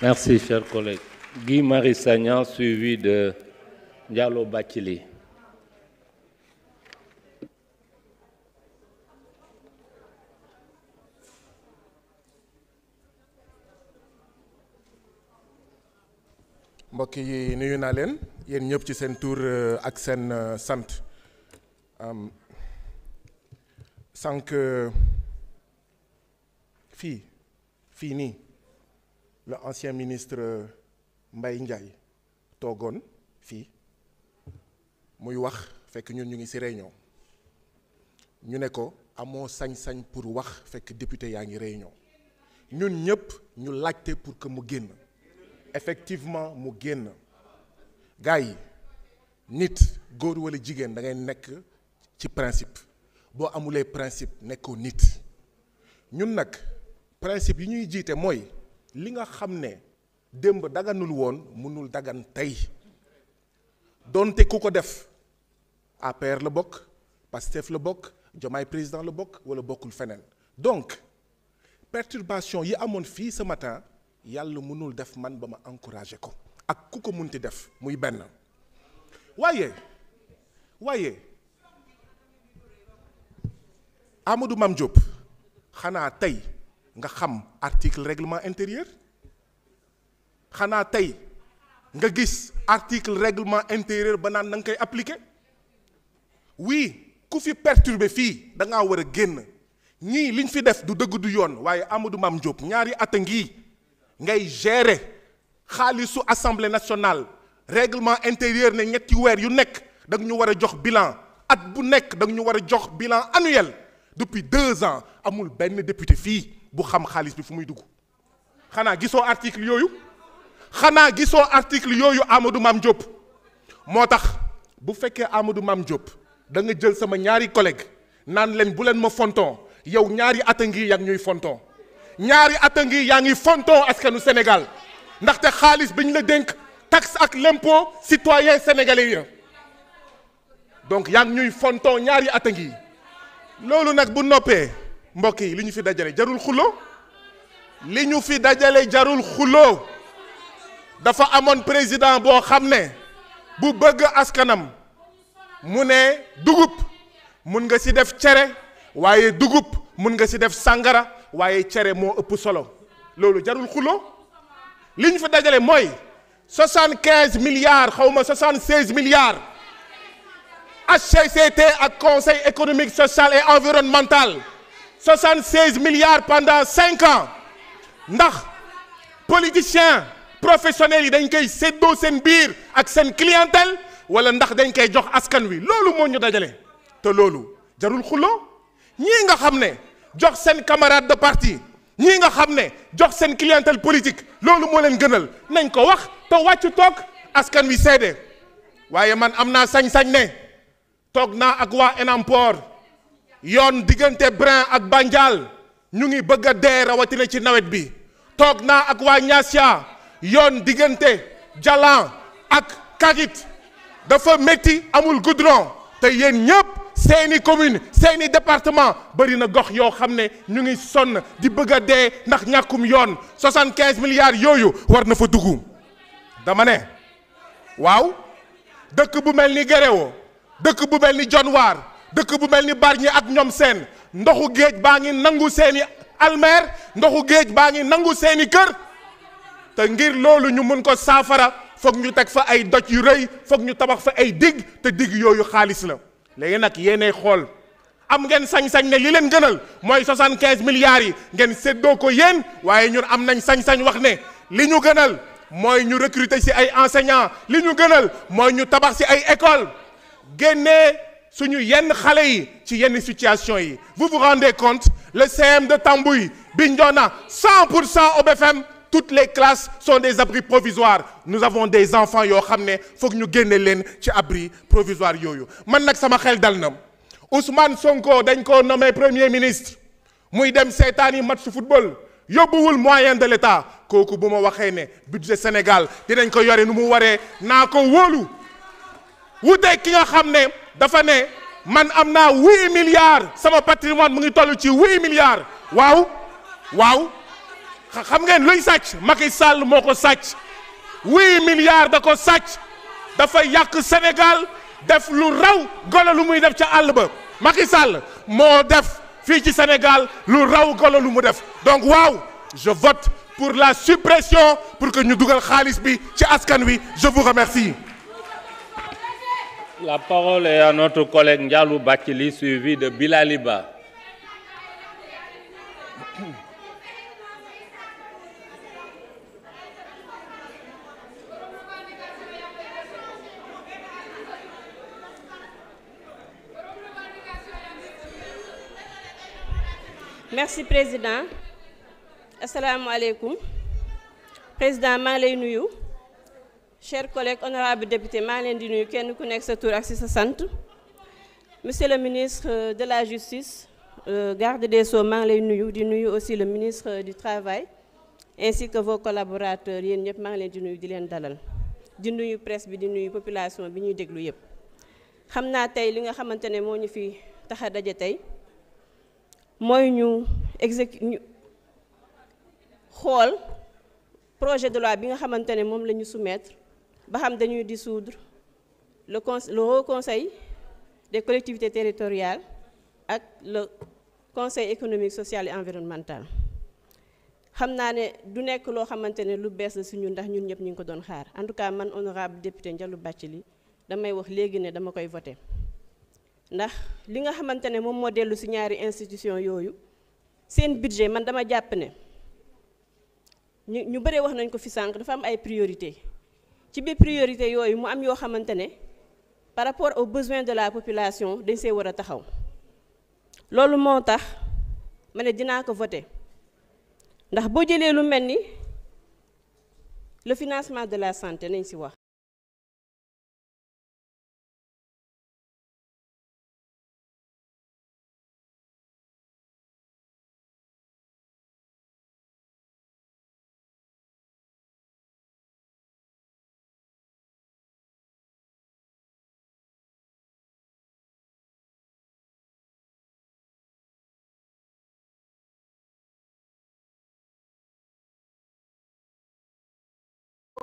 Merci, cher collègue. Guy Marie Sagnan, suivi de Diallo mbokk yi nuyu na leen yéen ñëpp ci seen tour euh, ak seen euh, sant sànq fii nii. le ancien ministre mbay Ndiaye toogoon fii muy wax fekk ñun ñu ngi ci réunion ñu ne ko amoo sañ-sañ pour wax fekk député yaa ngi réunion ñun ñëpp ñu laajte pour que mu génn effectivement mu génn gars yi nit góor walla jigéen da ngay nekk ci principe boo amulee principe nekkoo nit ñun nag principe yi ñuy jiite mooy li nga xam ne démb daganul woon mënul dagan tey donte ku ko def APR la bokk Pastef la bokk Diomaye président la bokk wala bokkul feneen donc perturbation yi amoon fii ce matin yàlla mënul def man ba ma encouragé ko ak ku ko munti def muy benn waaye waaye Amadou Mame Diop xanaa tey nga xam article règlement intérieur xanaa tey nga gis article règlement intérieur ba naan na nga koy appliqué oui ku fi perturbé fii da ngaa war a génn ñii liñ fi def du dëgg du yoon waaye Amadou Mame Diop ñaari at a ngi ngay gérer xaalisu assemblée nationale règlement intérieur ne ñetti weer yu nekk da nga ñu war a jox bilan at bu nekk da nga ñu war a jox bilan annuel depuis deux ans amul benn député fii. bu xam xaalis bi fu muy dugg xanaa gisoo article yooyu xanaa gisoo article yooyu Amadou Mame Diop moo tax bu fekkee Amadou Mame Diop da jël sama ñaari collègue naan leen bu leen ma fonton yow ñaari at a ngi yaa ngi ñuy fonton ñaari at a ngi yaa ngi fonton askanu Sénégal ndaxte xaalis bi ñu la dénk tax ak lempo citoyen sénégalais ya donc yaa ngi ñuy fonton ñaari at ngi loolu nag bu noppee. mbokk yi li ñu fi dajale jarul xuloo li ñu fi dajale jarul xuloo dafa amoon président boo xam ne bu bëgg askanam mu ne dugub mun nga ci def cere waaye dugub mun nga ci def sàngara waaye cere moo ëpp solo loolu jarul xuloo li ñu fi dajale mooy soixante quinze milliards xaw ma soixante seize milliards HCCT ak conseil économique social et environnemental 76 milliards pendant cinq ndax politiciens professionnel yi dañ koy séddoo seen biir ak seen clientèle wala ndax dañ koy jox askan wi loolu moo ñu dajale te loolu jarul xuloo ñii nga xam ne jox seen camarade de partie ñii nga xam ne jox seen clientèle politique loolu moo leen gënal nañ ko wax te wàccu toog askan wi seede waaye man am naa sañ-sañ ne toog naa ak waa Enampor yoon diggante Brin ak Bandial ñu ngi bëgg a dee rawatina ci nawet bi toog naa ak waa Niassia yoon diggante Jalan ak Kakit dafa métti amul goudron te yéen ñëpp seeni commune seeni département bëri na gox yoo xam ne ñu ngi sonn di bëgg a dee ndax ñàkkum yoon soixante-quinze milliards yooyu war na fa dugg dama ne waaw dëkk bu mel ni Guéréo dëkk bu mel ni Dionewar dëkk bu mel ni Bargny ak ñoom seen ndoxu géej baa ngi nangu seeni almeer ndoxu géej baa ngi nangu seeni kër te ngir loolu ñu mun ko saafara foog ñu teg fa ay doj yu rëy foog ñu tabax fa ay digg te digg yooyu xaalis la léegi nag yéenay xool am ngeen sañ-sañ ne li leen gënal mooy soixante-quinze milliards yi ngeen séddoo ko yéen waaye ñun am nañ sañ-sañ wax ne li ñu gënal mooy ñu recruter si ay enseignants li ñu gënal mooy ñu tabax si ay écoles génnee suñu yenn xale yi ci yenn situation yi vous vous rendez compte le CM de Tambouy Bignona 100 pour cent au BFM toutes les classes sont des abris provisoires nous avons des enfants yoo xam ne foog ñu génne leen ci abri provisoire yooyu man nag sama xel dal na Ousmane Sonko dañ ko nomme premier ministre muy dem seetaani match football yóbbuwul moyen de l'État kooku bu ma waxee ne budget Sénégal dinañ ko yore nu mu waree naa ko woolu wuteeg ki nga xam ne dafa ne man am na huit milliards sama patrimoine mu ngi toll ci huit milliards waaw waaw xam ngeen luy sàcc Macky Sall moo ko sàcc huit milliards da ko sàcc dafa yàq Sénégal def lu raw golo lu muy def ca àll ba Macky Sall moo def fii ci Sénégal lu raw golo lu mu def donc waaw je vote pour la suppression pour que ñu dugal xaalis bi ci askan wi je vous remercie La parole est à notre collègue Ndialou Bakili, suivi de Bilaliba. Merci président. Asalaamaaleykum. Président maa ngi lay nuyu. chers collègues honorables députés maa leen di nuyu kenn ku nekk sa tur ak si sa sant monsieur le ministre euh, de la justice euh, garde des so maa ngi lay nuyu di nuyu aussi le ministre euh, du travail ainsi que vos collaborateurs yéen ñëpp maa ngi leen di nuyu di leen dalal di nuyu presse bi di nuyu population bi ñuy déglu yëpp xam naa tey li nga xamante ne moo ñu fi tax a daje tey mooy ñu exécu ñu xool projet de loi bi nga xamante ne moom la ñu soumettre ba xam dañuy di le conseil le haut conseil des collectivités territoriales ak le conseil économique social et environnemental xam naa ne du nekk loo xamante ne lu bees la si ñun ndax ñun ñëpp ñu ngi ko doon xaar en tout cas man honorable njalu Ndiallo li damay wax léegi ne dama koy voté ndax li nga xamante ne moom moo dellu si ñaari institution yooyu seen budget man dama jàpp ne ñu ñu bëree wax nañ ko fi sànq dafa am ay priorité ci biir priorité yooyu mu am yoo xamante ne par rapport aux besoins de la population dañ see war a taxaw loolu moo tax ma ne dinaa ko voté ndax boo jëlee lu mel ni le financement de la santé nañ si wax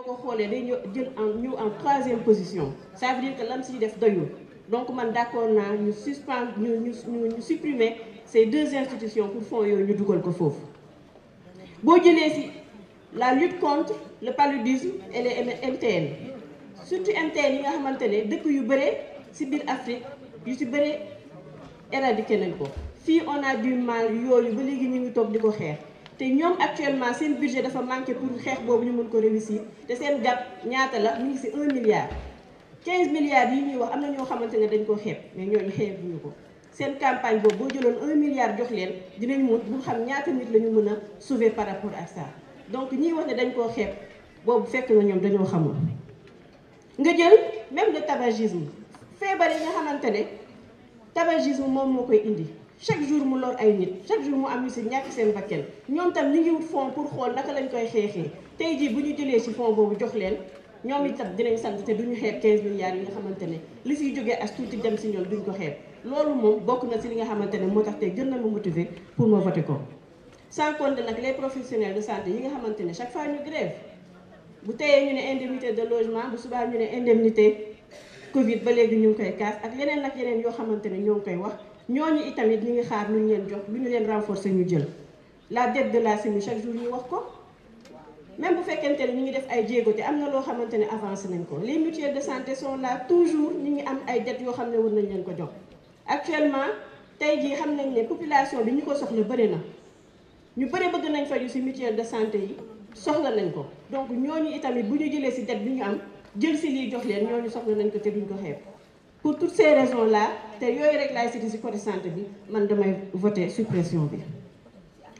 ko xoolee day ñëw jël en ñu en troisième position ça veut dire que lan siy def doyul donc man d'accord naa ñu suspendre ñu ñu ñu supprimer ces deux institutions pour fonds yooyu ñu dugal ko foofu. boo jëlee si la lutte contre le paludisme et les MTN surtout MTN yi nga xamante ne dëkk yu bare si biir Afrique yu si bare éradiqué nañ ko fii on a du mal yooyu ba léegi ñu ngi toog di ko xeex. te ñoom actuellement seen budget dafa manqué pour xeex boobu ñu mën ko réussir te seen gap ñaata la mu ngi si 1 milliard 15 milliards yi ñuy wax am na ñoo xamante ne dañ ko xeeb mais ñooñu xeebuñu ko seen campagne boobu boo jëloon 1 jox leen dinañ mën bu xam ñaata nit la ñu mën a sauver par rapport ak ça donc ñiy wax ne dañ koo xeeb boobu fekk na ñoom dañoo xamul nga jël même le tabagisme feebar yi nga xamante ne tabagisme moom moo koy indi. chaque jour mu lor ay nit chaque jour mu am ñu si ñàkk seen bakken ñoom tam ñu ngi wut fond pour xool naka lañ koy xeexee tey jii bu ñu jëlee ci fond boobu jox leen ñoom itam dinañ sant te duñu xeeb 15 milliards yi nga xamante ne li si jógee as tuuti dem si ñoom duñ ko xeeb loolu moom bokk na si li nga xamante ne moo tax te gën na ma motiver pour ma voter ko. sans compter nag les professionnels de santé yi nga xamante ne chaque fois ñu grève bu teyee ñu ne indemnité de logement bu subaa ñu ne ba léegi ñu ngi koy kaas ak yeneen ak yeneen yoo xamante ne ñoo ngi koy wax. ñooñu itamit ñu ngi xaar lu ñu leen jox lu ñu leen renforcer ñu jël la dette de la CEMI chaque jour ñu wax ko même bu fekkente ne ñu ngi def ay jéego te am na loo xamante ne avancé nañ ko les mutuelles de santé sont là toujours ñu ngi am ay dettes yoo xam ne war nañ leen ko jox actuellement tey jii xam nañ ne population bi ñu ko soxla bëri na ñu bëri bëgg nañ faju ci mutuelle de santé yi soxla nañ ko donc ñooñu itamit bu ñu jëlee ci dette bi ñu am jël ci lii jox leen ñooñu soxla nañ ko te duñ ko xeeb pour toutes ces raisons là te yooyu rek laay cité si côté santé bi man damay voté suppression bi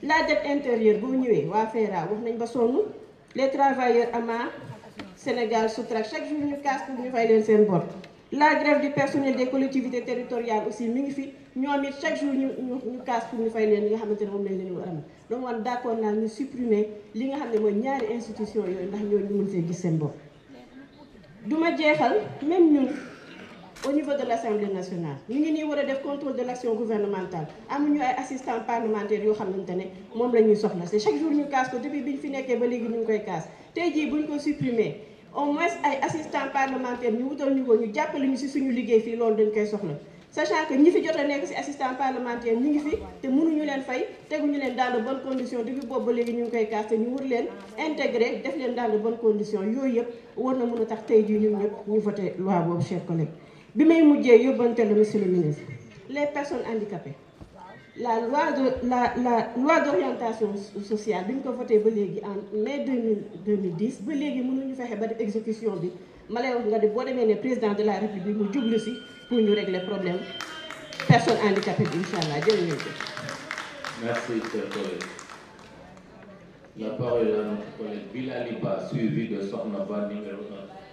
laa dette intérieure bu ñëwee waa FERA wax nañ ba sonn les travailleurs AMA Sénégal SOTRAC chaque jour ñu casse pour ñu fay leen seen bor la grève du personnel des collectivités territoriales aussi mi ngi fi ñoom it chaque jour ñu ñu casse pour ñu fay leen li nga xamante ne moom lañ leen war a am donc man naa ñu suprimé li nga xam ne mooy ñaari institution yooyu ndax ñooñu mën see gis seen bopp. au niveau de l'Assemblée nationale ñu ngi nii war a def contrôle de l'action gouvernementale amuñu ay assistants parlementaires yoo xamante ne moom la ñuy soxla c'est chaque jour ñu kaas ko depuis bi ñu fi nekkee ba léegi ñu ngi koy kaas tey jii buñ ko supprimer au moins ay assistants parlementaires ñu wutal ñu ko ñu jàppale ñu ci suñu liggéey fii loolu dañ koy soxla sachant que ñi fi jot a nekk ci assistant parlementaire ñu ngi fi te mënuñu leen fay teguñu leen dans de bonnes conditions depuis boobu ba léegi ñu ngi koy kaas te ñu war leen intégrer def leen dans de bonnes conditions yooyu yëpp war na mën a tax tey jii ñun ñëpp ñu voté loi boobu chers collègues bi may mujjee lu mu monsieur le ministre les personnes handicapées la loi de la la loi d'orientation sociale bi ñu ko voté ba léegi en mai deux mille deux mille dix ba fexe ba def exécution bi ma lay wax nga def boo demee ne président de la république mu jublu si pour ñu régler problème personne handicapée bi incha allah jërëjëf. merci chers